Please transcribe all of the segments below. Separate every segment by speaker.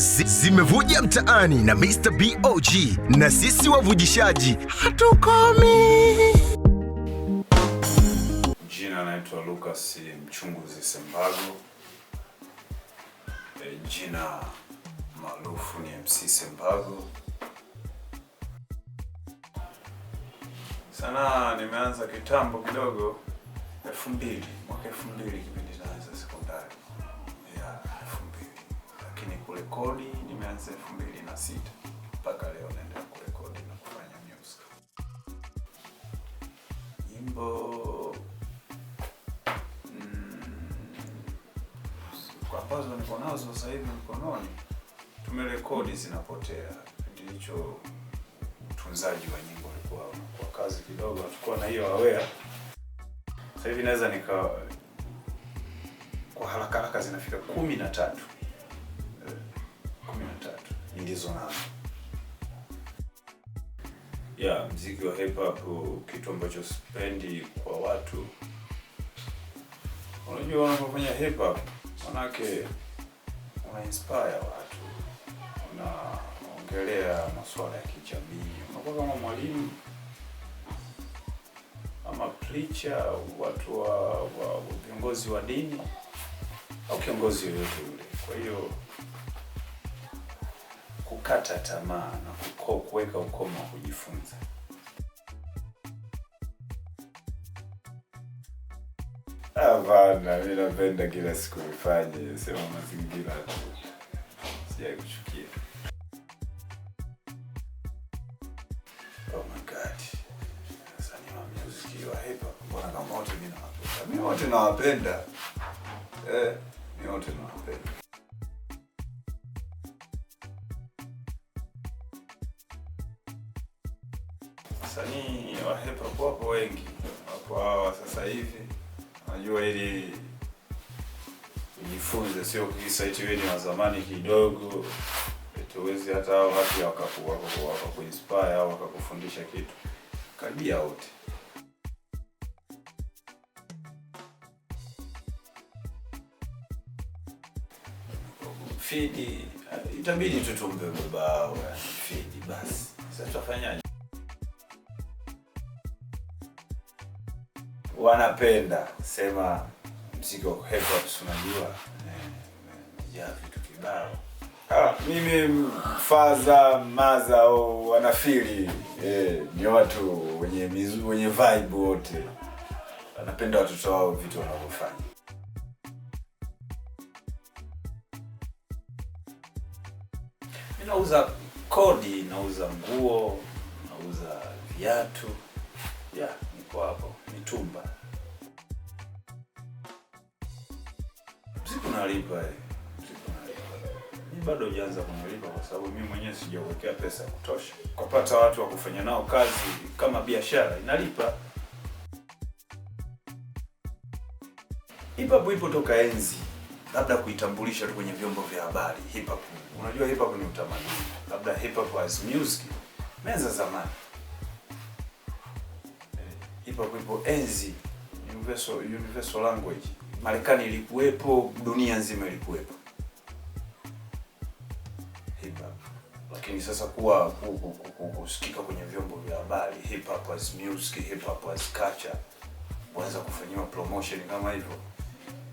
Speaker 1: zimevuja mtaani na Mr. BOG, na sisi wavujishaji hatukomi.
Speaker 2: Jina naitwa Lucas Mchunguzi Sembago, e, jina maarufu ni MC Sembago. Sanaa nimeanza kitambo kidogo, elfu mbili mwaka elfu mbili kipindi naanza kurekodi nimeanza elfu mbili na sita mpaka leo naendelea kurekodi na kufanya music. Nyimbo mm, ambazo mm, niko nazo sasa hivi mkononi tumerekodi zinapotea. Ndicho utunzaji wa nyimbo ulikuwa kwa kazi kidogo, hatukuwa na hiyo aware. Sasa hivi naweza nika kwa haraka haraka zinafika kumi na tatu nilizo nazo. Yeah, mziki wa hip hop, kitu ambacho sipendi kwa watu, unajua wanapofanya hip hop manake una inspire watu, unaongelea masuala ya kijamii, unakuwa kama mwalimu ama preacher, watu wa viongozi wa, wa dini au kiongozi yoyote yule, kwa hiyo kukata tamaa na kuweka ukomo wa kujifunza. Hapana, mi napenda kila siku nifanye, sema mazingira tu, sijai kuchukia. Oh my God, wasanii wa muziki wa hip hop, mbona kama wote mi nawapenda? Mi wote nawapenda, eh, mi wote nawapenda. wasanii wa hip hop wapo wengi, wapo hawa sasa hivi. najua ili ujifunze, sio kisa eti wewe ni wa zamani kidogo tuwezi hata hao watu wakakuinspire au wakakufundisha kitu karibia wote. Fidi itabidi tutumbe ubao fidi, basi sasa tutafanyaje? wanapenda sema mziki wa hip hop unajua ya vitu kibao. Ah, mimi faza maza au wanafili eh, ni watu wenye mizu, wenye vibe wote wanapenda watoto wao vitu wanavyofanya. Nauza kodi, nauza nguo, nauza viatu. Yeah, niko hapo chumba nalipa mimi eh. bado hujaanza kunilipa kwa sababu mimi mwenyewe sijauwekea pesa ya kutosha. Kupata watu wa kufanya nao kazi kama biashara inalipa. Hip hop ipo toka enzi, labda kuitambulisha tu kwenye vyombo vya habari. Hip hop, unajua hip hop ni utamaduni, labda hip hop as music meza zamani hip kuipo enzi universal, universal language. Marekani ilikuwepo, dunia nzima ilikuwepo hip hop, lakini sasa kuwa kusikika kwenye vyombo vya habari hip hop as music, hip hop as culture, kuanza kufanyiwa promotion kama hivyo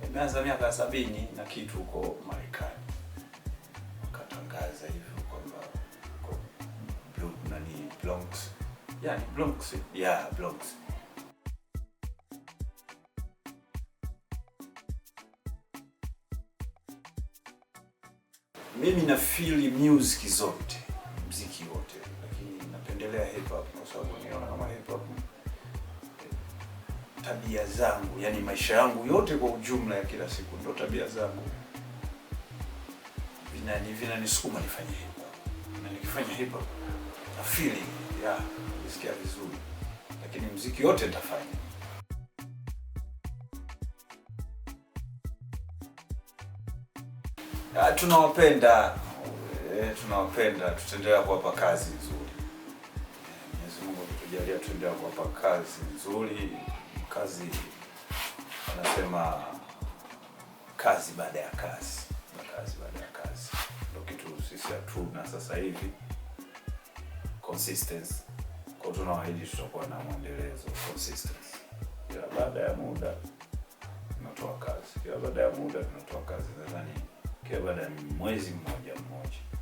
Speaker 2: imeanza miaka ya sabini na kitu huko Marekani, wakatangaza hivyo kwamba kwa, nani Bronx, yani Bronx, yeah Bronx Mimi na feel music zote, mziki wote, lakini napendelea hip hop kwa sababu niona kama hip hop eh, tabia zangu, yani maisha yangu yote kwa ujumla ya kila siku, ndo tabia zangu vinani vinanisukuma nifanye hip hop, na nikifanya hip hop na feeling ya nisikia vizuri, lakini mziki yote nitafanya. Ah, tunawapenda e, tunawapenda, tutaendelea kuwapa kazi nzuri. Eh, Mwenyezi Mungu akitujalia, tutaendelea kuwapa kazi nzuri, kazi anasema kazi baada ya kazi na kazi baada ya kazi, ndio kitu sisi hatuna sasa hivi consistency. Kwa tunawaahidi tutakuwa na mwendelezo consistency, kila baada ya muda tunatoa kazi, ila baada ya muda tunatoa kazi, nadhani que kebana mimi é mwezi mmoja mmoja.